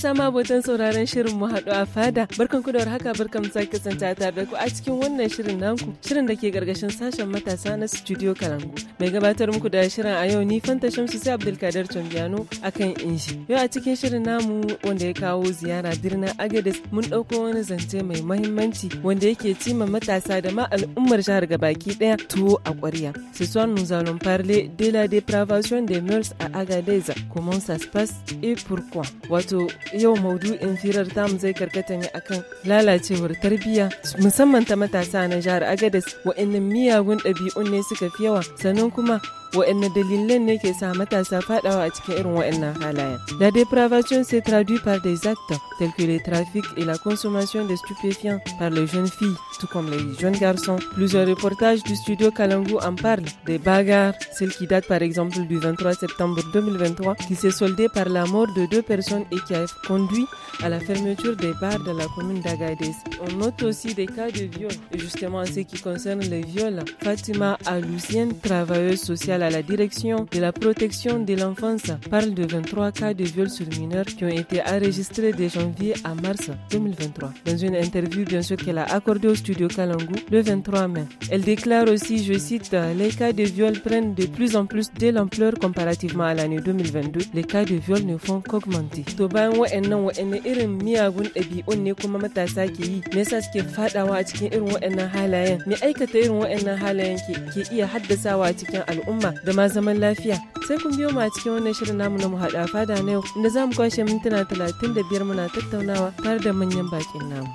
sama abotan sauraron shirin mu haɗu a fada. Barkan ku da haka barkan sake kasance tare da ku a cikin wannan shirin naku. Shirin da ke gargashin sashen matasa na studio Kalangu. Mai gabatar muku da shirin a yau ni Fanta Shamsu sai Abdulkadir a akan inji. Yau a cikin shirin namu wanda ya kawo ziyara birnin Agadez mun ɗauko wani zance mai mahimmanci wanda yake cima matasa da ma al'ummar jihar gabaki ɗaya tuwo a ƙwarya. Ce soir nous allons parler de la Depravation des mœurs a Agadeza commence à se passe et pourquoi? Wato yau maudu'in firar tamu zai karkata ne akan lalacewar tarbiyya musamman ta matasa na jihar agadas wa'annan miyagun ɗabi'un ne suka fi yawa sannan kuma wa'annan dalilan ne ke sa matasa faɗawa a cikin irin wa'annan halayen la depravation se traduit par des actes tels que les trafic et la consommation de stupéfiants par les jeunes filles tout comme les jeunes garçons. Plusieurs reportages du studio Kalangu en parlent. Des bagarres, celle qui date par exemple du 23 septembre 2023, qui s'est soldée par la mort de deux personnes et qui a conduit à la fermeture des bars de la commune d'Agadez. On note aussi des cas de viol. Et justement, en ce qui concerne les viols, Fatima Alousienne, travailleuse sociale à la direction de la protection de l'enfance, parle de 23 cas de viols sur mineurs qui ont été enregistrés de janvier à mars 2023. Dans une interview, bien sûr, qu'elle a accordée au studio Kalangu le 23 mai. Elle déclare aussi, je cite, les cas de viol prennent de plus en plus de l'ampleur comparativement à l'année 2022. Les cas de viol ne font qu'augmenter. To bayan wa'annan wa'anne irin miyagun ɗabi'un ne kuma matasa ke yi me yasa suke fadawa a cikin irin waɗannan halayen me aikata irin wa'annan halayen ke, ke iya haddasawa a cikin al'umma da ma zaman lafiya sai kun biyo mu a cikin wannan shirin namu na mu haɗa fada na yau inda za mu kwashe mintuna talatin da muna tattaunawa tare da manyan bakin namu.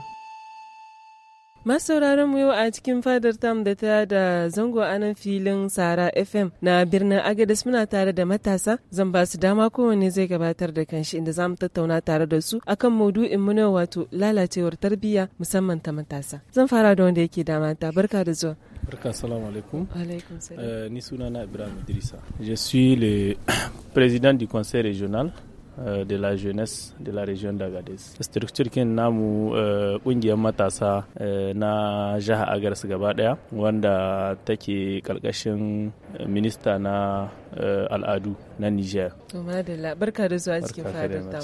Masauraran mu yau a cikin fadar tam da ta da zango a nan filin Sara FM na birnin Agadez muna tare da matasa zan ba su dama kowanne zai gabatar da kanshi inda zamu tattauna tare da su akan maudu'in mu na wato lalacewar tarbiyya musamman ta matasa. Zan fara da wanda yake dama ta barka da zuwa. Barka salamu alaikum. Alaikum salam. Eh, ni na Ibrahim Idrisa. Je suis le président du conseil régional Euh, de la jeunesse de la région d'Agadez. Structure kin namu euh, kungiyar matasa euh, na jaha Agadez gaba daya wanda take kalkashin minista na al'adu na Niger. To madalla barka da zuwa cikin fadar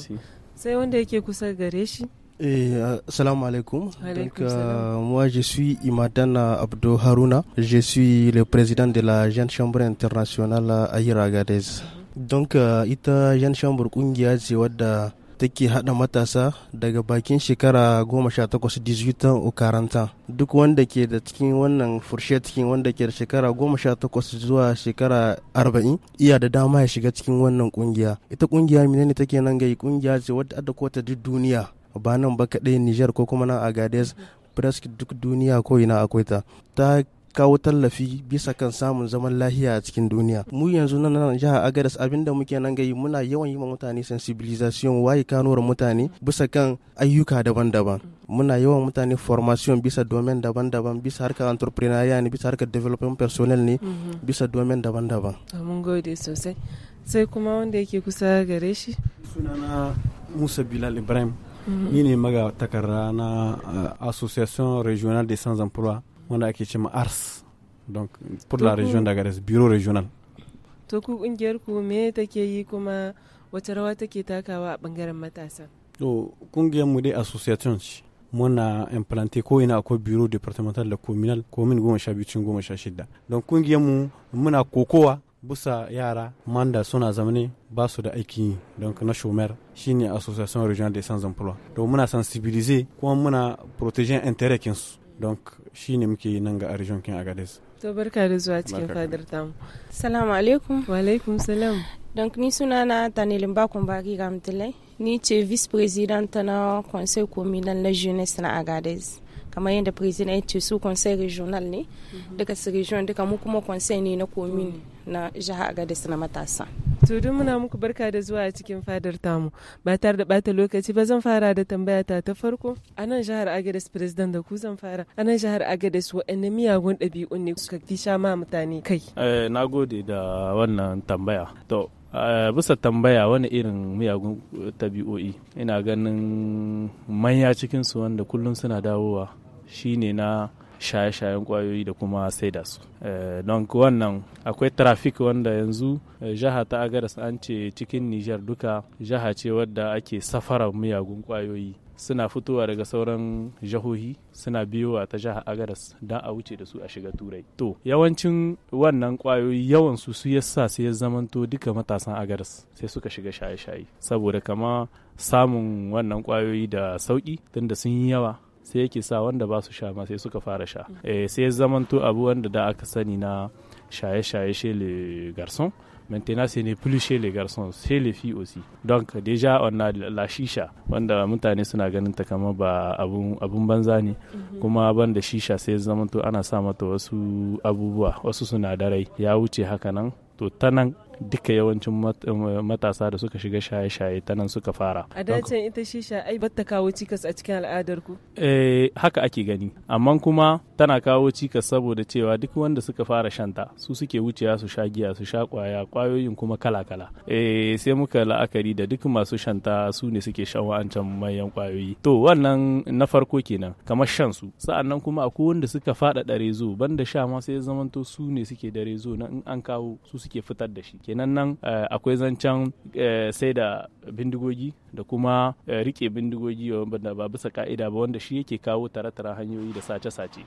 Sai wanda yake kusa gare shi Eh, assalamu alaikum. Donc, euh, moi, je suis Imadana Abdo Haruna. Je suis le président de la Jeune Chambre internationale à Agadez. don ita yan shambur kungiya ce wadda take hada matasa daga bakin shekara 18-18 ukaranta duk wanda ke da cikin wannan furshe cikin wanda ke da shekara 18 zuwa shekara 40 iya da dama ya shiga cikin wannan kungiya ita kungiya menene take nan gai kungiya ce wadda ada kota duk duniya ba nan ba kadai niger ko kuma nan agades presque duk duniya ko ina akwai ta ta kawo tallafi bisa kan samun zaman lahiya a cikin duniya mu yanzu nan nan jihar agadas da muke nan gayi muna yawan yi ma mutane sensibilisation waye kanuwar mutane bisa kan ayyuka daban-daban muna yawan mutane formation bisa domain daban-daban bisa harkar entrepreneurial ne bisa harkar development personnel ne mhm. bisa domain daban-daban mun gode sosai sai kuma wanda yake kusa gare shi sunana musa bilal ibrahim mhm. ni ne maga na eh, association regional des sans emploi wanda ake ce ma ars donc pour la région d'agares bureau régional to ku kungiyar ku me take yi kuma wace rawa take takawa a bangaren matasa to oh, kungiyar mu dai association ce muna implanté ko ina akwai bureau departemental da communal komin goma sha biyu cikin goma sha shida don kungiyar mu muna kokowa busa yara manda suna zamani ba su da aiki don na shomer shine association regional des sans emploi don muna sensibiliser kuma muna protéger intérêt kinsu don shi ne muke yi nan ga kin agades to barka da zuwa cikin fadar tamu salamu alaikum wa alaikum salam don ni suna na tanilin bakon baki ga mutulai ni ce vice president na conseil communal na jeunesse na agades kamar yadda president ya ce su conseil regional ne mhm. duka su region duka mu kuma conseil ne na komi mm. na jiha agadis na matasa to muna muku barka da zuwa a cikin fadar tamu ba tare da bata lokaci ba zan fara da tambaya ta ta farko a nan jihar Agadis president da ku zan fara a nan jihar Agadis waɗanne miyagun ɗabi'un ne suka fi sha ma mutane kai eh, na gode da wannan tambaya to eh, bisa tambaya wani irin miyagun tabi'o'i ina ganin manya cikinsu wanda kullum suna dawowa shine na shaye-shayen kwayoyi da kuma saida su eh, don wannan akwai trafik wanda yanzu eh, jiha ta agaras an ce cikin nijar duka jiha ce wadda ake safara miyagun kwayoyi suna fitowa daga sauran jihohi suna biyowa ta jiha agaras. don a wuce da su a shiga turai to yawancin wannan kwayoyi yawan su su yasa sai ya zamanto duka matasan agaras. sai suka shiga shaye-shaye saboda kama samun wannan kwayoyi da sauki tunda sun yi yawa sai yake sa wanda ba su sha ma sai suka fara sha eh, sai zamanto abu wanda da aka sani na shaye-shaye chez les garçons maintenant ce n'est plus chez les garçons chez les filles aussi donc déjà on a la shisha wanda mutane suna ganin ta kamar ba abun abun banza ne mhm. kuma ban da shisha sai zamanto ana sa mata wasu abubuwa wasu sunadarai ya wuce haka nan to ta nan duka yawancin eh, matasa da suka shiga shaye-shaye ta nan suka fara. A dacen ita shisha ai bata kawo cikas a cikin al'adar ku? Eh haka ake gani, amma kuma tana kawo cikas saboda cewa duk wanda suka fara shanta su suke wucewa su sha giya su sha kwaya kwayoyin kuma kala-kala. Eh sai muka la'akari da duk masu shanta su ne suke shan wa'ancan manyan kwayoyi. To wannan na farko kenan kamar shan su. Sa'annan kuma akwai wanda suka dare zo banda sha ma sai zamanto su ne suke dare zo na in an kawo su suke fitar da shi. kenan nan eh, akwai zancen eh, sai da bindigogi da kuma eh, rike bindigogi wanda ba bisa ka'ida ba wanda shi yake kawo tare-tare hanyoyi da sace-sace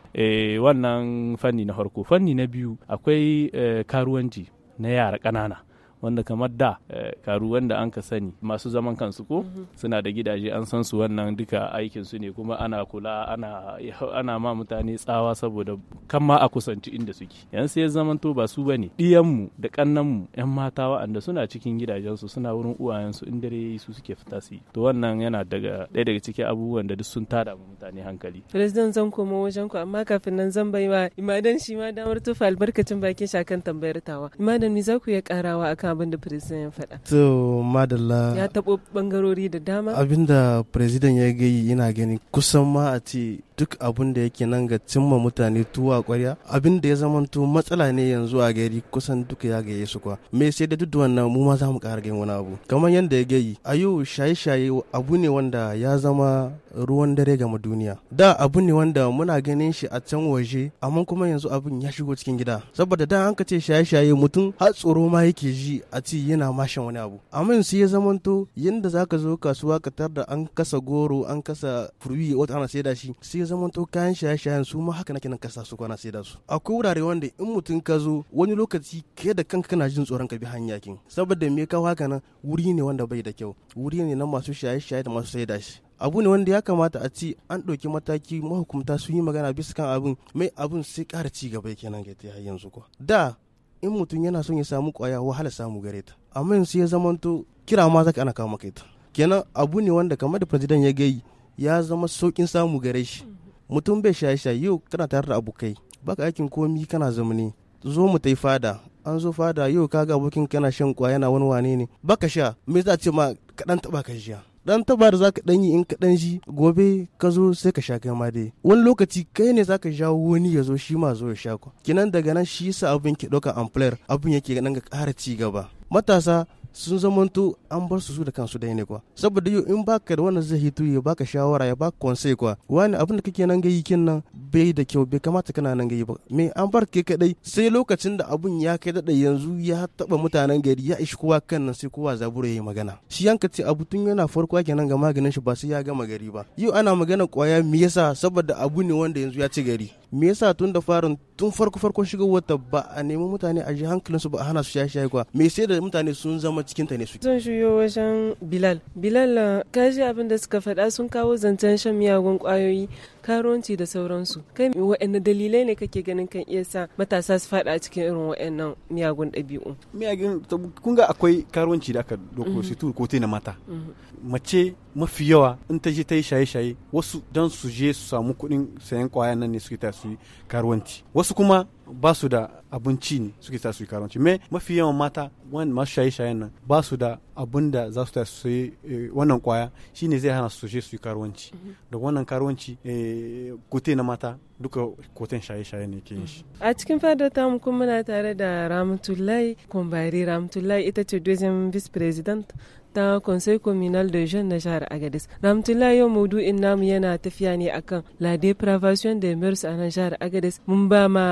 wannan fanni na farko fanni na biyu akwai karuwanci na yara ƙanana wanda kamar da eh, karu wanda an ka sani masu zaman kansu ko mhm. suna da gidaje an san su wannan duka aikin su ne kuma ana kula ana ana ma mutane tsawa saboda kan ma a kusanci inda suke yan sai zaman to ba su bane mu da kannan mu yan mata wa'anda suna cikin gidajen su suna wurin uwayen in dare yayi su suke fita su to wannan yana daga ɗaya daga cikin abubuwan da duk sun tada mu mutane hankali president zan koma wajen ku amma kafin nan zan bai wa imadan shi ma damar tufa albarkacin bakin shakan tambayar tawa imadan me za ku ya karawa akan abin da president ya faɗa to madalla ya taɓo bangarori da dama abin da president ya gayi yana gani kusan ma a ce duk abin da yake nan ga cimma mutane tuwa kwarya abin da ya zamanto matsala ne yanzu a gari kusan duka ya gaye su kwa me sai da duk wannan mu ma za mu ƙara gani wani abu kamar yadda ya gayi a yau shaye-shaye abu ne wanda ya zama ruwan dare ga duniya da abu ne wanda muna ganin shi a can waje amma kuma yanzu abin ya shigo cikin gida saboda da an ka ce shaye-shaye mutum har tsoro ma yake ji a ci yana mashin wani abu amma yanzu ya zamanto yanda zaka zo kasuwa ka tar da an kasa goro an kasa furwi wata ana saida shi sai ya zamanto kayan shaye-shayen su ma haka nake nan kasa su kwana saida su akwai wurare wanda in mutum ka zo wani lokaci ke da kanka kana jin tsoron ka bi hanya kin saboda me ka haka nan wuri ne wanda bai da kyau wuri ne na masu shaye-shaye da masu saida shi abu ne wanda ya kamata a ci an ɗauki mataki mahukumta sun yi magana bisa kan abin mai abin sai ƙara ci gaba kenan ga ta yanzu kuwa da in mutum yana son ya samu kwaya wahala samu gare ta amma yanzu ya zamanto kira ma zaka ana kama kai ta. kenan abu ne wanda kamar da president ya gai ya zama saukin samu gare shi mutum bai shaye shaye yau kana tare da abokai baka aikin komi kana zamani zo mu tai fada an zo fada yau kaga abokin kana shan kwaya yana wani wane ne baka sha me za ce ma kaɗan taba ka jiya dan tabar za ka yi in ka dan ji gobe ka zo sai ka sha kai ma dai wani lokaci kai ne zaka ka jawo wani ya zo shi ma zo ya sha ku kinan daga nan shi yasa abin ke ɗauka amflayar abin yake nan ga ƙara ci gaba matasa sun zamanto an bar su su da kansu dai ne kuwa saboda yau in baka da wannan zai hito ya baka shawara ya baka konsai kuwa wani abin da kake nan yi kin nan bai da kyau bai kamata kana nan yi ba me an bar ke kadai sai lokacin da abun ya kai da yanzu ya taba mutanen gari ya ishi kowa kan nan sai kowa zaburo yayi magana shi yanka ce abu tun yana farko yake nan ga maganin shi ba sai ya gama gari ba yau ana magana kwaya me yasa saboda abu ne wanda yanzu ya ci gari me yasa tun da farin tun farko farkon shigowar ta ba a nemi mutane a ji hankalinsu ba a hana su shaye shaye kuwa me sai da mutane sun zama cikin ta ne su zan shiyo wajen bilal bilal ka abin da suka faɗa sun kawo zancen shan miyagun kwayoyi karuwanci da sauransu kai waɗanne dalilai ne kake ganin kan iya sa matasa su faɗa a cikin irin waɗannan miyagun ɗabi'u miyagun kun ga akwai karuwanci da aka doko situr ko na mata mhm. mace mafi yawa in ta je ta yi shaye-shaye wasu don su je su samu kuɗin sayan kwayan nan ne suke ta su yi karuwanci wasu kuma ba su da abinci ne suke sa su yi karanci me mafi yawan mata wani masu shaye-shayen nan ba su da abin da za su su yi eh, wannan kwaya shine zai hana su su yi karuwanci mhm. da wannan karuwanci eh, kote na mata duka koten shaye-shaye ne ke yin shi a cikin fadar ta kuma muna tare da ramtulai kumbari ramtulai ita ce dozin vice president ta conseil communal de jeunes na jihar agadez ramtula yau maudu'in namu yana tafiya ne akan la depravation des mœurs a nan jihar agadez mun ba ma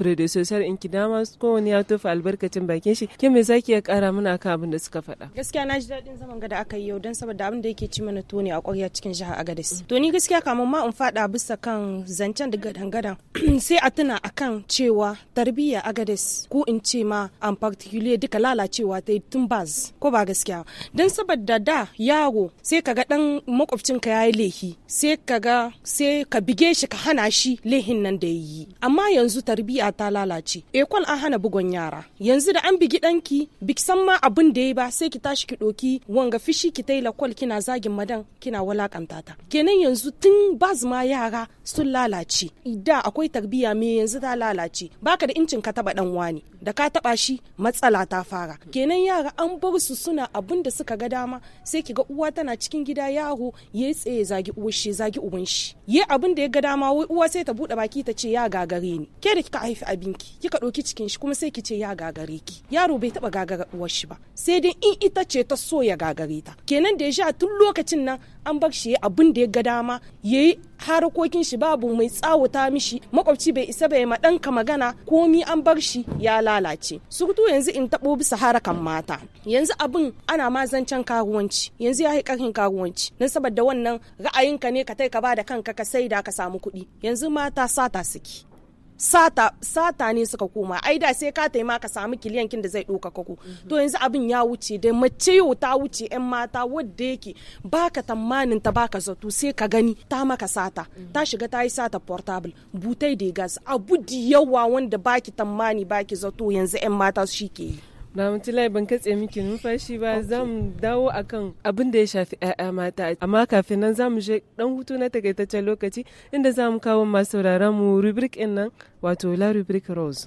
predecessor in ki dama kowane ya tofa albarkacin bakin shi ke me k'i ya kara mana akan abin da suka faɗa gaskiya na ji daɗin zaman gada aka yi yau don saboda abin da yake ci mana tuni a ƙwarya cikin jihar agadez to ni gaskiya kamun ma in faɗa bisa kan zancen da gadan-gadan sai a tuna akan cewa tarbiyya agadez ko in ce ma an particular duka lalacewa ta yi tun baz ko ba gaskiya don saboda da yaro sai ka ga dan makwabcinka ya yi lehi sai kaga sai ka bige shi ka hana shi lehin nan da yi amma yanzu tarbiya ta lalace ekol an hana bugon yara yanzu da an bigi danki biki san ma abin da ya ba sai ki tashi ki doki wanga fishi ki tai lakol kina zagin madan kina walakanta ta kenan yanzu tun ma yara sun lalace da akwai tarbiya me yanzu ta lalace baka da incin ka taba dan wani da ka taba shi matsala ta fara kenan yara an bar su suna abin da suka suka kaga dama sai ki ga uwa tana cikin gida yaro ya tsaye zagi uwar shi zagi uban shi ya abin da ya ga dama wai uwa sai ta bude baki ta ce ya gagare ni ke da kika haifi abinki kika ɗauki cikin shi kuma sai ki ce ya gagare ki yaro bai taba gagara uwar shi ba sai dai in ita ce ta so ya gagare ta kenan da ya sha tun lokacin nan an bar shi abin da ya ga dama yayi harkokin shi babu mai tsawuta mishi makwabci bai isa bai ma ɗanka magana komi an bar shi ya lalace surtu yanzu in taɓo bisa harakan mata yanzu abin ana ma zancen karuwanci yanzu ya yi ƙarfin karuwanci don saboda wannan ra'ayinka ne ka tai ka ba da kanka ka saida ka samu kuɗi yanzu mata sata suke sata sata ne suka koma ai da sai ka taima ka samu kiliyan kin da zai ɗaukaka ku mhm. to yanzu abin ya wuce dai mace yau ta wuce yan mata wadda yake baka tamanin ta baka zato sai ka gani ta maka sata mhm. ta shiga ta yi sata portable butai da gas abu da yawa wanda baki tammani baki zato yanzu yan mata shi ke yi na Ramtulai ban katse miki numfashi ba za mu dawo akan abin da ya shafi 'ya'ya mata amma kafin nan za mu je dan hutu na takaitaccen lokaci inda za mu kawo masu mu rubrik nan wato la rubrik rose.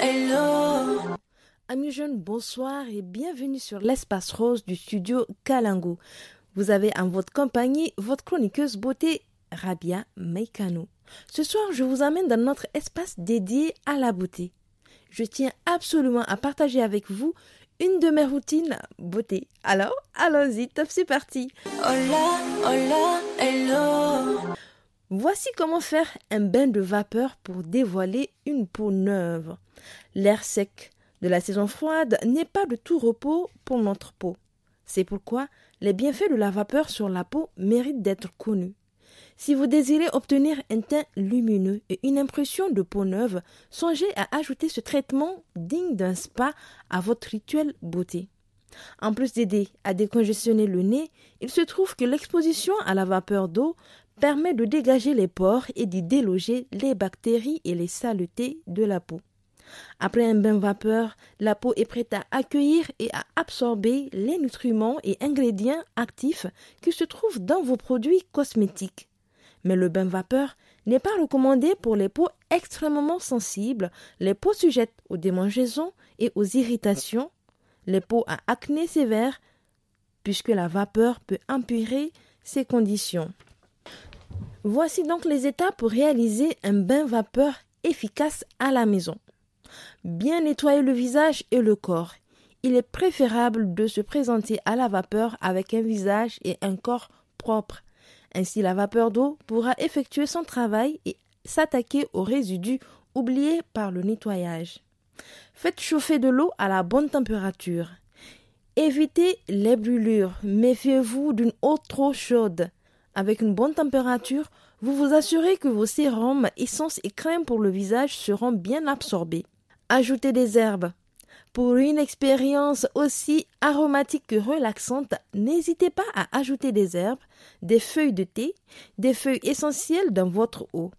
hello, Amis jeunes, bonsoir et bienvenue sur l'espace rose du studio Kalango. Vous avez en votre compagnie votre chroniqueuse beauté Rabia Meikano. Ce soir, je vous amène dans notre espace dédié à la beauté. Je tiens absolument à partager avec vous une de mes routines beauté. Alors, allons-y, top, c'est parti. Hola, hola, hello. Voici comment faire un bain de vapeur pour dévoiler une peau neuve. L'air sec de la saison froide n'est pas de tout repos pour notre peau. C'est pourquoi les bienfaits de la vapeur sur la peau méritent d'être connus. Si vous désirez obtenir un teint lumineux et une impression de peau neuve, songez à ajouter ce traitement digne d'un spa à votre rituel beauté. En plus d'aider à décongestionner le nez, il se trouve que l'exposition à la vapeur d'eau permet de dégager les pores et d'y déloger les bactéries et les saletés de la peau. Après un bain vapeur, la peau est prête à accueillir et à absorber les nutriments et ingrédients actifs qui se trouvent dans vos produits cosmétiques. Mais le bain vapeur n'est pas recommandé pour les peaux extrêmement sensibles, les peaux sujettes aux démangeaisons et aux irritations, les peaux à acné sévère, puisque la vapeur peut empirer ces conditions. Voici donc les étapes pour réaliser un bain vapeur efficace à la maison. Bien nettoyer le visage et le corps. Il est préférable de se présenter à la vapeur avec un visage et un corps propres. Ainsi la vapeur d'eau pourra effectuer son travail et s'attaquer aux résidus oubliés par le nettoyage. Faites chauffer de l'eau à la bonne température. Évitez les brûlures. Méfiez-vous d'une eau trop chaude. Avec une bonne température, vous vous assurez que vos sérums, essences et crèmes pour le visage seront bien absorbés. Ajoutez des herbes. Pour une expérience aussi aromatique que relaxante, n'hésitez pas à ajouter des herbes, des feuilles de thé, des feuilles essentielles dans votre eau.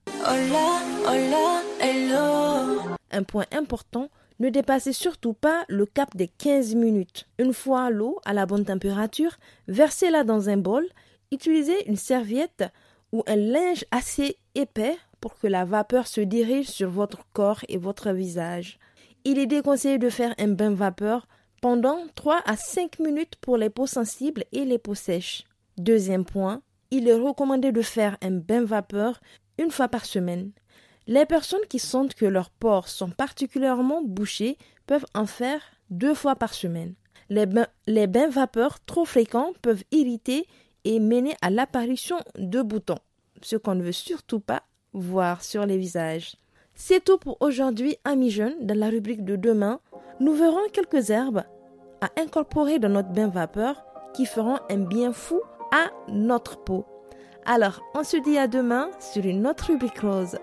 Un point important, ne dépassez surtout pas le cap des 15 minutes. Une fois l'eau à la bonne température, versez-la dans un bol Utilisez une serviette ou un linge assez épais pour que la vapeur se dirige sur votre corps et votre visage. Il est déconseillé de faire un bain vapeur pendant 3 à 5 minutes pour les peaux sensibles et les peaux sèches. Deuxième point, il est recommandé de faire un bain vapeur une fois par semaine. Les personnes qui sentent que leurs pores sont particulièrement bouchés peuvent en faire deux fois par semaine. Les bains, les bains vapeurs trop fréquents peuvent irriter et mener à l'apparition de boutons, ce qu'on ne veut surtout pas voir sur les visages. C'est tout pour aujourd'hui, amis jeunes. Dans la rubrique de demain, nous verrons quelques herbes à incorporer dans notre bain vapeur qui feront un bien fou à notre peau. Alors, on se dit à demain sur une autre rubrique rose.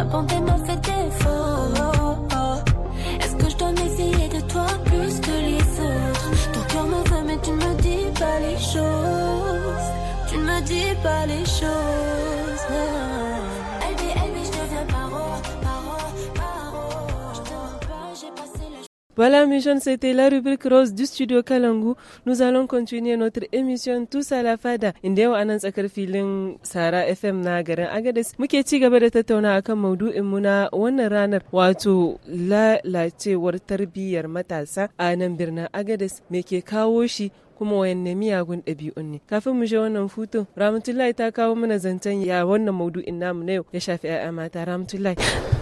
ma bonté m'a fait défaut. Est-ce que je dois m'essayer de toi plus que les autres Ton cœur me veut, mais tu ne me dis pas les choses. Tu ne me dis pas les choses. Voilà, mes jeunes, c'était la rubrique rose du studio Kalangu. Nous allons continuer notre émission Tous à la Fada. anans anan tsakar filin Sara FM na garin agades muke ci gaba da tattauna akan maudu'in mu na wannan ranar wato lalacewar tarbiyyar matasa a nan birnin agades me ke kawo shi kuma wayanne miyagun ɗabi'un ne kafin mu je wannan hutun ramatullahi ta kawo mana zancen ya wannan maudu'in namu na yau ya shafi 'ya'ya mata ramatullahi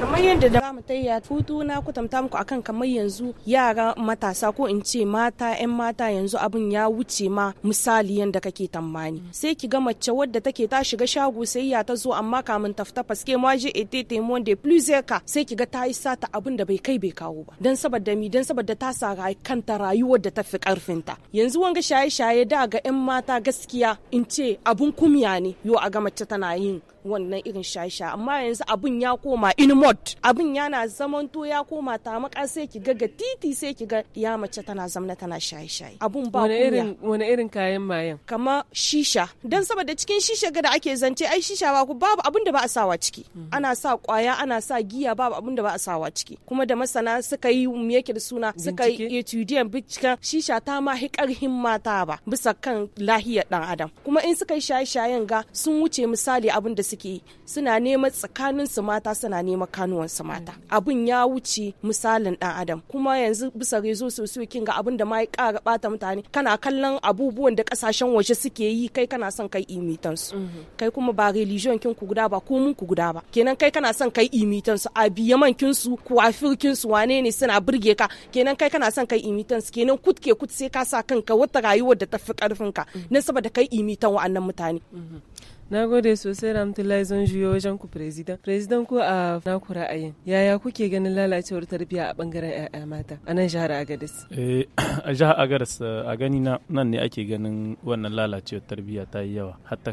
kamar yadda da mu tayya hutu na kwatanta muku akan kamar yanzu yara matasa ko in ce mata yan mata yanzu abin ya wuce ma misali yadda kake tambani sai ki ga mace wadda take ta shiga shago sai ya ta zo amma kamun ta fita ma je ete temon de plus ka sai ki ga ta yi sata abin da bai kai bai kawo ba dan saboda mi dan saboda ta sa kanta rayuwar da ta fi karfin ta yanzu wanga shaye shaye da ga yan mata gaskiya in ce abun kumya ne yo a ga mace tana yin wannan irin shasha amma yanzu abun ya koma in mod abun yana zamanto ya koma tamaka sai ki ga ga titi sai ki ga ya mace tana zamna tana shaye-shaye abun ba wani irin wani irin kayan mayan kama shisha dan saboda cikin shisha ga da ake zance ai shisha ba ku babu abun da ba a sawa ciki mhm. ana sa kwaya ana sa giya babu abun da ba a sawa ciki kuma da masana suka yi mu yake da suna suka yi etudiyan bincika shisha ta ma hi himma mata ba bisa kan lahiyar dan adam kuma in suka yi shaye-shayen ga sun wuce misali abun da suke suke suna neman tsakanin su mata suna neman kanuwansu mata abun ya wuce misalin dan adam kuma yanzu bisa rezo sosai kin ga abun da ma ya kara bata mutane kana kallon abubuwan da kasashen waje suke yi kai kana son kai imitan su kai kuma ba religion kin ku guda ba ko mun ku guda ba kenan kai kana son kai imitan su a biyaman kin su kuwafirkin su wane ne suna burge ka kenan kai kana son kai imitan su kenan kutke kut sai ka sa kanka wata rayuwar da ta fi karfin ka mm-hmm. na saboda kai imitan wa'annan mutane mm-hmm. Na gode sosai ramtullahi zan juyo wajen ku Firizidan. Firizidan ku a naku ra'ayin. Yaya kuke ganin lalacewar tarbiyya a bangaren 'ya'ya mata a nan jihar Agadis. Eh, a jihar agadis a gani nan ne ake ganin wannan lalacewar tarbiyya ta yi yawa har ta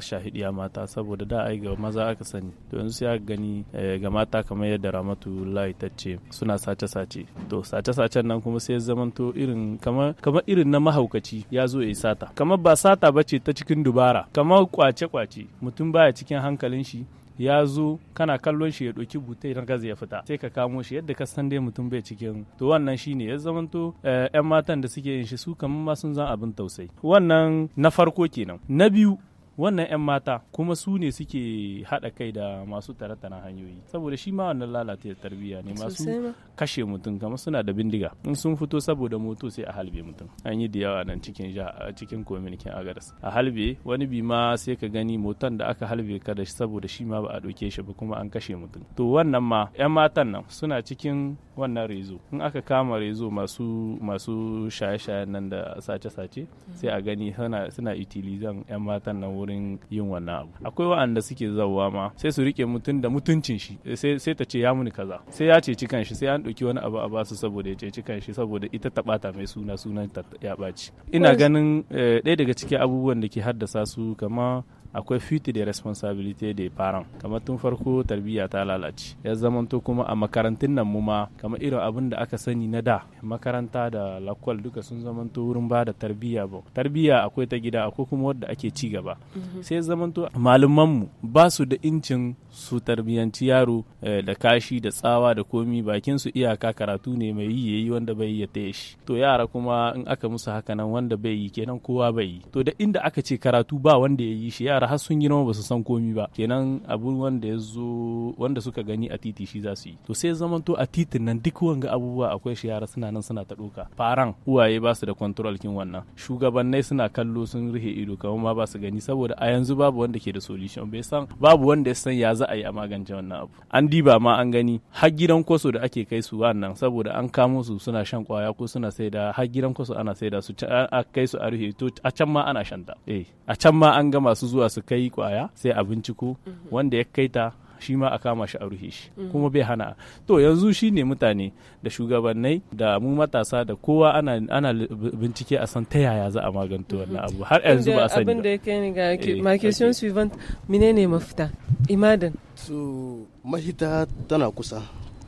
mata saboda da ai ga maza aka sani. To yanzu sai aka gani eh, ga mata kamar yadda Ramatu Lai ta ce suna sace-sace. To sace-sacen nan kuma sai zamanto irin kamar kamar irin na mahaukaci ya zo ya sata. Kamar ba sata bace ta cikin dubara, kamar kwace-kwace. mutum baya cikin hankalin shi ya zo kana kallon shi ya ɗauki bute na gaza ya fita sai ka kamo shi yadda ka san dai mutum bai cikin to wannan shine ya zamanto yan eh, matan da suke yin shi su kamar ma sun zan abin tausayi wannan na farko kenan na biyu wannan 'yan mata kuma su ne suke haɗa kai da masu tare hanyoyi saboda shi ma wannan lalata ya tarbiyya ne masu kashe mutum kamar suna da bindiga in sun fito saboda moto sai a halbe mutum an yi da yawa nan cikin cikin kominikin agaras a halbe wani bi ma sai ka gani motan da aka halbe ka da saboda shi ma ba a ɗauke shi ba kuma an kashe mutum to wannan ma 'yan matan nan suna cikin wannan rezo in aka kama rezo masu masu shaye-shayen nan da sace-sace sai a gani suna utilizan 'yan matan nan wurin yin wannan abu akwai wa'anda suke zawa ma sai su rike mutum da mutuncin shi sai ta ce ya muni kaza sai ya ceci kanshi sai an ɗauki wani abu a basu saboda ya ceci kanshi saboda ita ta bata mai suna sunan ta ya ɓaci ina ganin eh, ɗaya daga cikin abubuwan da ke haddasa su kama akwai fiti da responsibility da faran kamar tun farko tarbiyya ta lalace ya zamanto kuma a makarantun nan mu ma kamar irin abin da aka sani na da makaranta da lakwal duka sun zamanto wurin ba da tarbiyya ba tarbiyya akwai ta gida akwai kuma wadda ake ci gaba mhm. sai zamanto malamanmu ba su da incin su tarbiyyanci yaro eh, da kashi da tsawa da komi bakin su iyaka karatu ne mai yi yayi wanda bai ya shi to yara kuma in aka musu haka nan wanda bai yi kenan kowa bai yi to da inda aka ce karatu ba wanda ya yi shi yara har har sun girma ba su san komi ba kenan abun wanda ya zo wanda suka gani a titi shi za su yi to sai zaman to a titin nan duk wanga abubuwa akwai shi yara suna nan suna ta doka faran uwaye ba su da control kin wannan shugabannai suna kallo sun rihe ido kamar ma ba su gani saboda a yanzu babu wanda ke da solution bai san babu wanda ya san ya za a yi a magance wannan abu an diba ma an gani har gidan kwaso da ake kai su wannan saboda an kamo su suna shan kwaya ko suna da har gidan kwaso ana da su a kai su a rihe to a can ma ana shanta eh a can ma an ga masu zuwa su kai kwaya sai a binciko wanda ya kai ta shi ma a kama shi a ruhe shi kuma bai hana to yanzu shi ne mutane da shugabannai da mu matasa da kowa ana bincike a san ta yaya za a maganta wannan abu har yanzu ba a sani abin da ya kai ni ga eh, ma question suivant ne mafita imadan to mahita tana kusa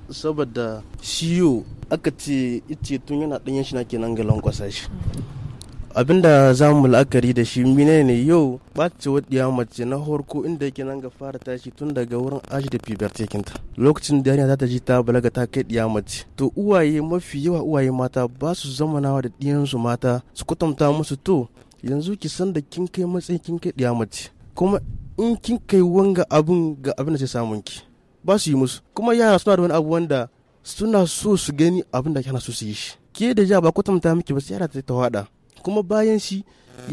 saboda shiyo aka ce ita tun yana danyen shi na kenan ga lankwasa shi abinda za mu la'akari da shi mine ne yau ɓacewar ɗiya mace na horko inda yake nan ga fara tashi tun daga wurin aji da puberty ta lokacin da yarinya za ta ji ta balaga ta kai ɗiya mace to uwaye mafi yawa uwaye mata ba su zamanawa da ɗiyansu mata su kwatanta musu to yanzu ki san da kin kai matsayin kin kai ɗiya mace kuma in kin kai wanga abun ga abin da ke samun ki ba su yi musu kuma yara suna da wani abu wanda suna so su gani abin da kana so su yi shi ke da ja ba kwatanta miki ba sai yara ta tawada kuma bayan shi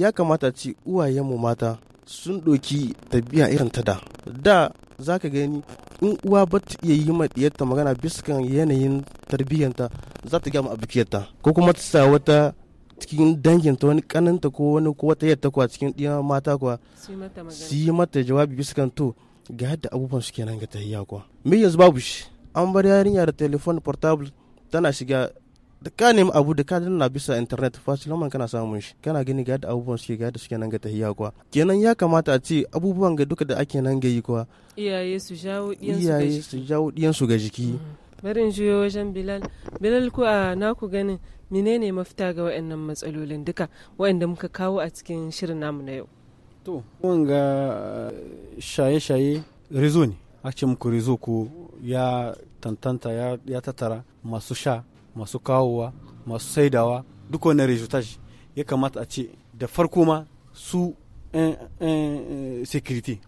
ya kamata ce uwayenmu mata sun ɗoki tabiya irin ta da da za ka gani in uwa ba ta iya yi ma diyarta magana biskan yanayin tarbiyyanta za ta gama abokiyarta ko kuma ta sa wata cikin danginta wani kananta ko wani ko wata yadda kwa cikin ɗiya mata kwa su yi mata jawabi biskan to ga yadda abubuwan su kenan ga tahiya kwa me yanzu babu shi an bar yarinya da telefon portable tana shiga da ka nemi abu da ka danna bisa internet fasilaman kana samun shi kana gani ga da abubuwan suke ga da suke nan ga tahiya kuwa kenan ya kamata a ce abubuwan ga duka da ake nan ga yi kuwa iyaye su jawo diyan su ga jiki mm. barin juyo wajen bilal bilal ku a naku ganin menene mafita ga waɗannan matsalolin duka waɗanda muka kawo a cikin shirin namu na yau to ga eh, shaye-shaye rizo ne a ce muku rizo ko ya tantanta ya tattara masu sha masu kawowa masu saidawa duk wani resultage ya kamata a ce da farko ma su eh, eh, security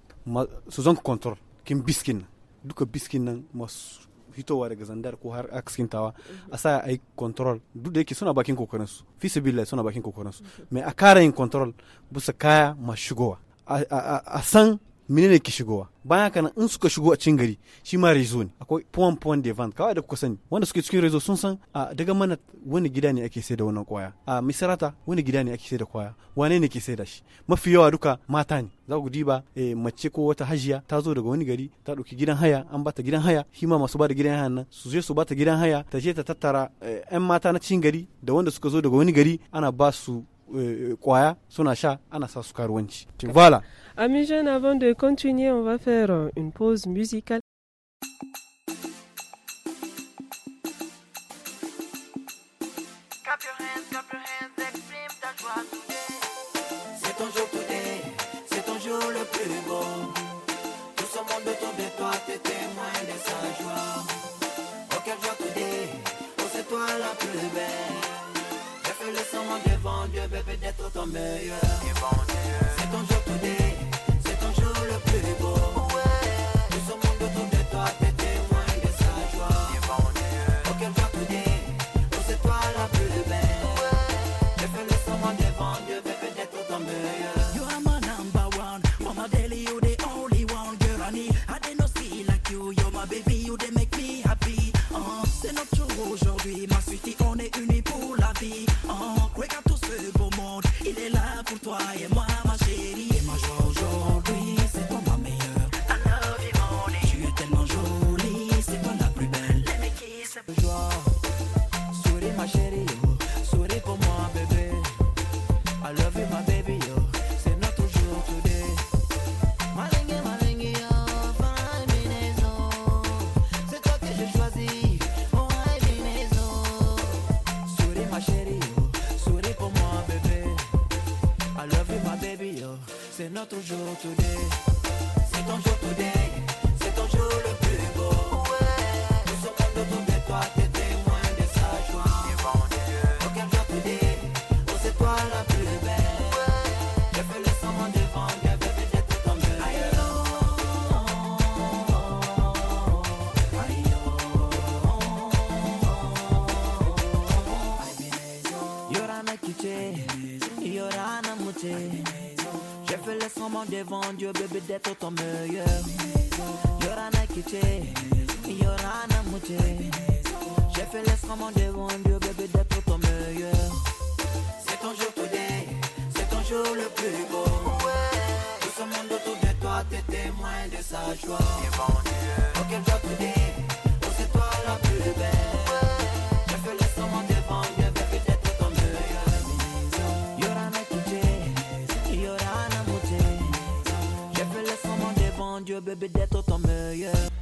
su zan control kin biskin duka biskin nan masu fitowa daga zandar ko har aksintawa a sa a yi control duk da yake suna bakin kokarin su fisibila suna bakin kokarin su mai mm-hmm. a kara yin control bisa kaya masu shigowa a san menene ke shigowa bayan haka in suka shigo a cikin gari shi ma rezo ne akwai point point de van kawai da kuka sani wanda suke cikin rezo sun san a ah, daga mana wani gida ne ake sai da wannan kwaya a ah, misrata wani gida ne ake sai da kwaya wane ne ke sai da shi mafi yawa duka mata ne za ku diba eh, mace ko wata hajiya ta zo daga wani gari ta dauki gidan haya an bata gidan haya shi ma masu bada gidan haya nan su je su bata gidan haya ta je ta tattara 'yan eh, mata na cikin gari da wanda suka zo daga wani gari ana ba su Euh, kwaya suna ana sa Voilà. Amis jeunes, avant de continuer, on va faire euh, une pause musicale. C'est ton jour today, c'est ton jour le plus beau. Tout ce monde autour de toi, t'es témoin de sa joie. Aucune jour, joie today, oh c'est toi la plus belle laissant mon devant Dieu, bébé, d'être ton meilleur. C'est ton Dieu, bébé d'être ton meilleur Yorana Kiché, na Mouché J'ai fait l'escrement devant Dieu bébé d'être ton meilleur C'est ton jour today, c'est ton jour le plus beau ouais. Tout ce monde autour de toi t'es témoin de sa joie Devant Dieu, auquel joie today, oh c'est toi la plus belle baby, dat tot aan mij, yeah.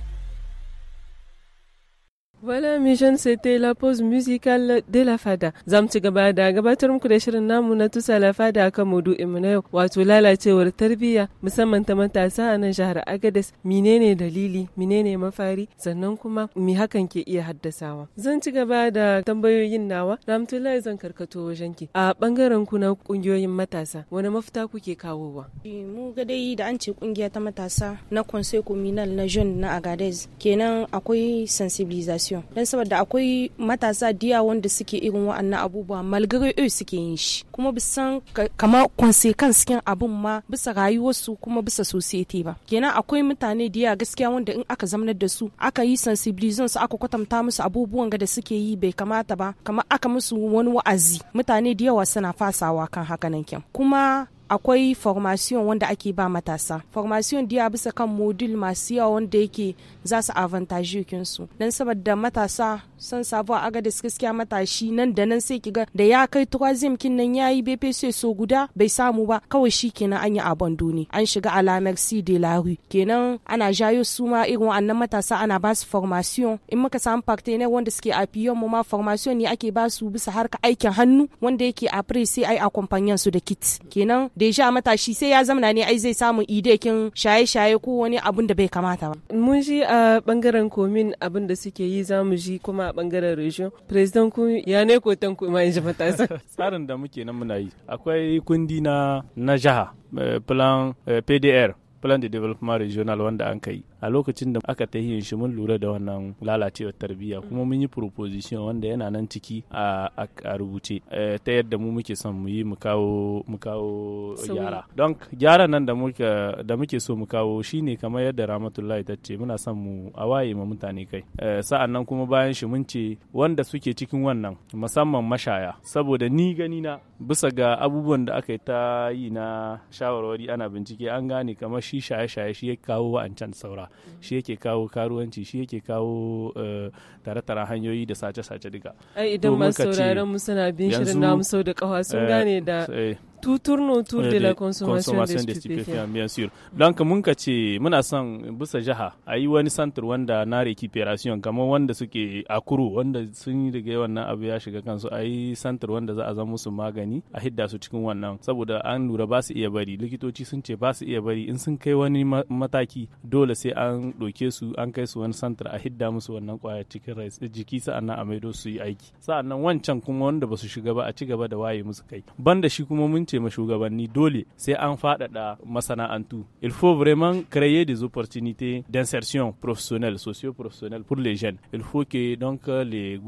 Voilà, mes jeunes, c'était la pause musicale de la fada. Za ci gaba da gabatar muku da shirin namu na tusa la fada akan maudu'in mu yau, wato lalacewar tarbiyya musamman ta matasa a nan jihar Agadez. Menene dalili, menene mafari, sannan kuma mi hakan ke iya haddasawa. Zan ci gaba da tambayoyin nawa, Ramtullahi zan karkato wajen ki. A bangaren ku na kungiyoyin matasa, wani mafita kuke kawowa? Eh, mu ga dai da an ce kungiya ta matasa na Conseil Communal na Jeune na Agadez, kenan akwai sensibilisation education don saboda akwai matasa diya wanda suke irin wa'annan abubuwa malgare eux suke yin shi kuma bisa kama kan kin abun ma bisa rayuwarsu kuma bisa society ba kenan akwai mutane diya gaskiya wanda in aka zamanar da su aka yi sensibilizon su aka kwatanta musu abubuwan ga da suke yi bai kamata ba kama aka musu wani wa'azi mutane da yawa suna fasawa kan haka nan kin kuma akwai formation wanda ake ba matasa formation diya bisa kan modul masu yawa wanda yake za su avantage su don saboda matasa san sabo a gadis gaskiya matashi nan da nan sai kiga da ya kai tuwazim kin nan yayi bepe sai so guda bai samu ba kawai shi kenan an yi abon duni an shiga alamar si de la rue kenan ana jayo su ma irin wannan matasa ana ba su formation in muka samu partner wanda suke a piyon e mu ma formation ne ake ba su bisa harka aikin hannu wanda yake a sai ai accompagnan su da kit kenan deja matashi sai ya zamana ne ai zai samu idekin shaye-shaye ko wani abun da bai kamata ba. Mun ji a bangaren komin abin da suke yi za mu ji kuma a bangaren region. President ku ya ne tan ku ma in ji matasa. Tsarin da muke nan muna yi akwai kundi na na jaha eh, plan eh, PDR plan de development regional wanda an kai a lokacin da aka ta yin shi mun lura da wannan lalacewar tarbiyya mm. kuma mun yi proposition wanda yana nan ciki a rubuce eh, ta yadda mu muke son mu yi mu kawo mu kawo gyara don gyara nan da muke so mu kawo shine kamar yadda Ramatullahi ta ce muna son mu a waye ma mutane kai eh, sa'an nan kuma bayan shi mun ce wanda suke cikin wannan musamman mashaya saboda ni gani na bisa ga abubuwan da aka yi ta yi na shawarwari ana bincike an gane kamar shi shaye-shaye shi ya kawo wa'ancan saura shi yake kawo karuwanci shi yake kawo eh, tare-tare hanyoyi da sace-sace duka ai idan masu sauraron mu suna bin shirin namu sau da kawa sun eh, gane da eh. tout tourne autour de la euh, consommation, consommation des stupéfiants. bien sûr. Donc mun ka ce muna son bisa jaha a yi wani centre wanda na recuperation kamar wanda suke a kuru wanda sun yi daga wannan abu ya shiga kansu a yi santar wanda za a zama musu magani a hidda su cikin wannan saboda an lura ba su iya bari likitoci sun ce ba su iya bari in sun kai wani mataki dole sai an ɗauke su an kai su wani centre a hidda musu wannan kwaya cikin rai jiki sa'annan a maido su yi aiki sa'annan wancan kuma wanda ba su shiga ba a ci gaba da waye musu kai banda shi kuma mun ce ma shugabanni dole sai an faɗaɗa masana'antu. Il faut vraiment créer des opportunités d'insertion professionnelle, socio-professionnelle pour les jeunes. Il faut que donc les,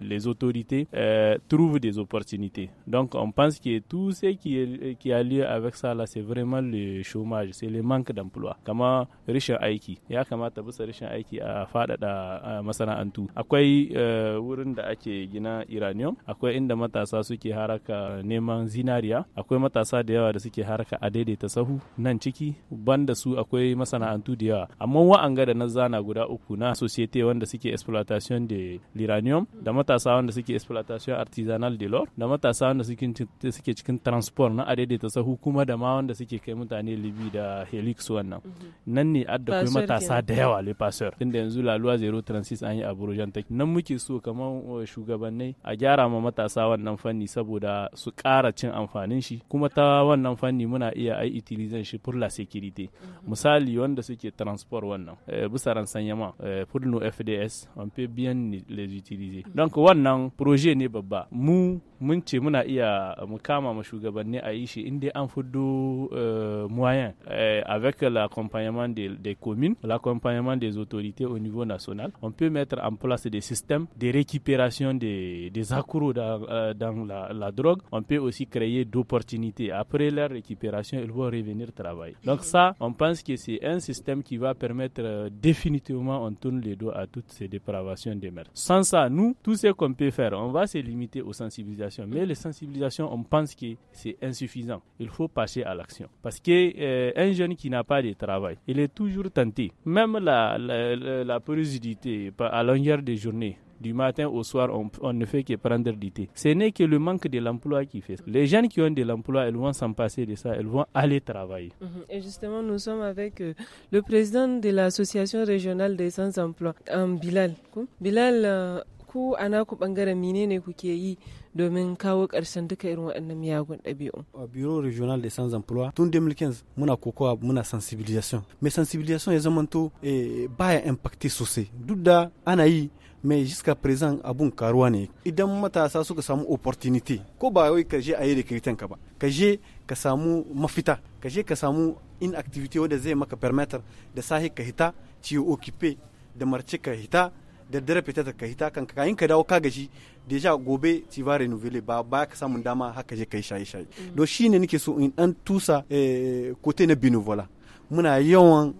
les, autorités euh, trouvent des opportunités. Donc on pense que tout ce qui, est, qui a lieu avec ça là, c'est vraiment le chômage, c'est le manque d'emploi. Kama riche aiki, ya kamata bisa riche aiki a faɗaɗa masana'antu. Akwai euh, wurin da ake gina iranium, akwai inda matasa suke haraka neman zinariya, akwai matasa da yawa da suke harka a daidaita sahu nan ciki banda su akwai masana'antu da yawa amma wa'anga da na zana guda uku na societe wanda suke exploitation de l'uranium da matasa wanda suke exploitation artisanal de l'or da matasa wanda suke cikin transport na a daidaita sahu kuma da ma wanda suke kai mutane libi da helix wannan mhm. nan ne adda kuma matasa da yawa le passeur tunda yanzu laluwa zero transis an yi a burujan nan muke so kamar eh, shugabannai a gyara ma matasa wannan fanni saboda su ƙara cin amfanin shi shi kuma ta wannan fanni muna iya ai utilizan shi pour la sécurité mhm. misali wanda suke transport wannan eh, bisa ransanyama eh, pour nos FDS on peut bien les utiliser mhm. donc wannan projet ne babba mu mun iya mu kama ma shugabanni a eh, moyen eh, avec l'accompagnement des, communes, l'accompagnement des autorités au niveau national. On peut mettre en place des systèmes de récupération des, des accros dans, euh, la, drogue. On peut aussi créer d'opportunités. Après leur récupération, ils vont revenir travailler. Donc ça, on pense que c'est un système qui va permettre euh, définitivement, on tourne les dos à toutes ces dépravations des mères. Sans ça, nous, tout ce qu'on peut faire, on va se limiter aux sensibilisations mais les sensibilisations, on pense que c'est insuffisant. Il faut passer à l'action. Parce que euh, un jeune qui n'a pas de travail, il est toujours tenté. Même la, la, la, la à longueur des journées, du matin au soir, on, ne fait que prendre du thé. Ce n'est que le manque de l'emploi qui fait ça. Les jeunes qui ont de l'emploi, elles vont s'en passer de ça, elles vont aller travailler. Mhm. Et justement, nous sommes avec euh, le président de l'association régionale des sans-emploi, euh, Bilal. Bilal, ku a naku bangaren menene kuke yi domin kawo karshen duka irin waɗannan miyagun ɗabi'u. A Bureau Regional de Sans Emploi tun 2015 muna kokowa muna sensibilisation. Mai sensibilisation ya zamanto eh, baya impacté sosai duk da ana yi mai jiska present abun karuwa ne idan matasa suka samu opportunity ko ba wai ka je a yi rikiritan ka ba ka je ka samu mafita ka je ka samu inactivity wanda zai maka permettre da sahi ka hita ciwo occupy da marce ka hita daddare fita ta kai ta ka yin ka dawo ka gashi deja gobe ci ba renouveler ba ba ka samu dama haka je kai shaye shaye mm. don shine nake so in dan tusa eh, côté na benevola muna yawan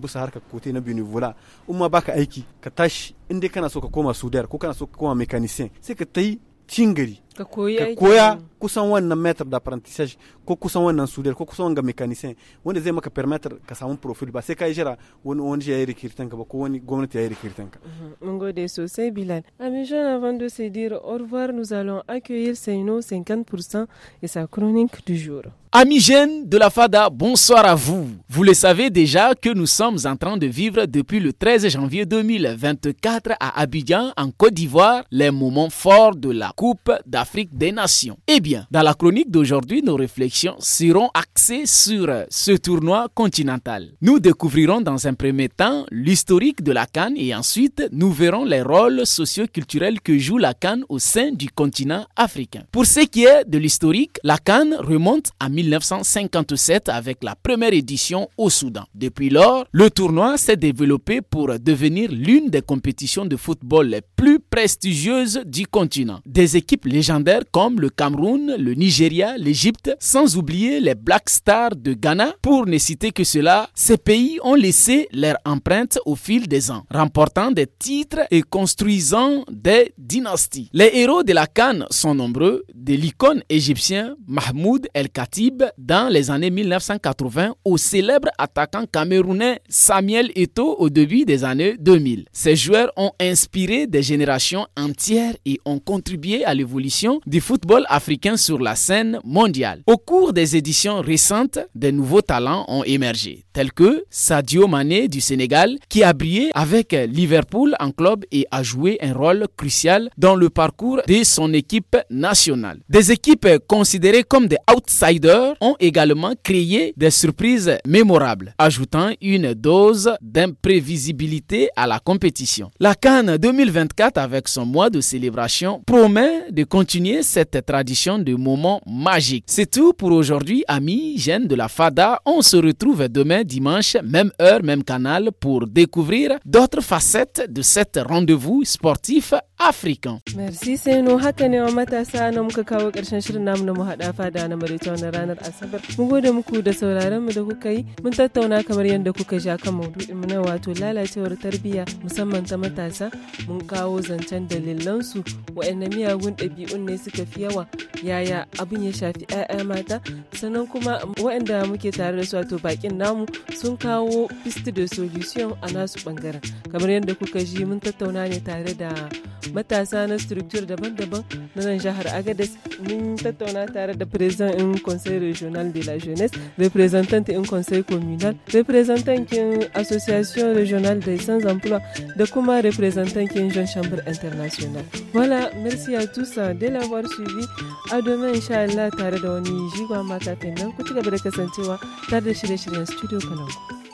bu sa harka côté na benevola umma baka aiki ka tashi in kana so ka koma sudar ko kana so ka koma mecanicien sai ka tai cin gari ka koya kusan wannan maître d'apprentissage, apprentissage ko kusan wannan sudar ko kusan wanga mechanicien wanda zai maka permettre ka samu profil ba sai ka yi jira wani wani ya yi rikirtan ka ba ko wani gwamnati ya yi rikirtan ka mhm. mun gode sosai bilal amishan avant de se dire au revoir nous allons accueillir Seyno 50% et sa chronique du jour Amis jeunes de la FADA, bonsoir à vous. Vous le savez déjà que nous sommes en train de vivre depuis le 13 janvier 2024 à Abidjan, en Côte d'Ivoire, les moments forts de la Coupe d'Afrique des Nations. Eh bien, dans la chronique d'aujourd'hui, nos réflexions seront axées sur ce tournoi continental. Nous découvrirons dans un premier temps l'historique de la Cannes et ensuite nous verrons les rôles socioculturels que joue la Cannes au sein du continent africain. Pour ce qui est de l'historique, la Cannes remonte à 1957 avec la première édition au Soudan. Depuis lors, le tournoi s'est développé pour devenir l'une des compétitions de football les plus prestigieuses du continent. Des équipes légendaires comme le Cameroun, le Nigeria, l'Égypte, sans oublier les Black Stars de Ghana. Pour ne citer que cela, ces pays ont laissé leur empreinte au fil des ans, remportant des titres et construisant des dynasties. Les héros de la Cannes sont nombreux, de l'icône égyptien Mahmoud El-Khatib dans les années 1980 au célèbre attaquant camerounais Samuel Eto au début des années 2000. Ces joueurs ont inspiré des générations entières et ont contribué à l'évolution du football africain sur la scène mondiale. Au cours des éditions récentes, de nouveaux talents ont émergé, tels que Sadio Mané du Sénégal, qui a brillé avec Liverpool en club et a joué un rôle crucial dans le parcours de son équipe nationale. Des équipes considérées comme des outsiders ont également créé des surprises mémorables, ajoutant une dose d'imprévisibilité à la compétition. La Cannes 2024, avec son mois de célébration, promet de continuer cette tradition de moment magique C'est tout pour aujourd'hui, amis jeunes de la FADA. On se retrouve demain dimanche, même heure, même canal, pour découvrir d'autres facettes de cet rendez-vous sportif African. Merci Saino haka ne wa matasa na muka kawo ƙarshen shirin namu na muhaɗa fada na marita wannan ranar Asabar. mu gode muku da sauraron mu da kuka yi mun tattauna kamar yadda kuka sha kan maudu'in mu na wato lalacewar tarbiyya musamman ta matasa mun kawo zancen dalilan su wa'annan miyagun ɗabi'un ne suka fi yawa yaya abin ya shafi 'ya'ya mata sannan kuma waɗanda muke tare da su wato bakin namu sun kawo piste de solution a nasu ɓangaren kamar yadda kuka ji mun tattauna ne tare da matasa na structure daban-daban na nan jihar agadez mun tattauna tare da president in conseil regional de la jeunesse représentante in conseil communal representantin association régionale des sans emploi da kuma representantin jeune chambre internationale voilà merci à tous euh, de l'avoir suivi a demain, inshallah, tare da wani jigon mata kenan ku ci gaba da kasancewa tare da shirye-shiryen studio kalanku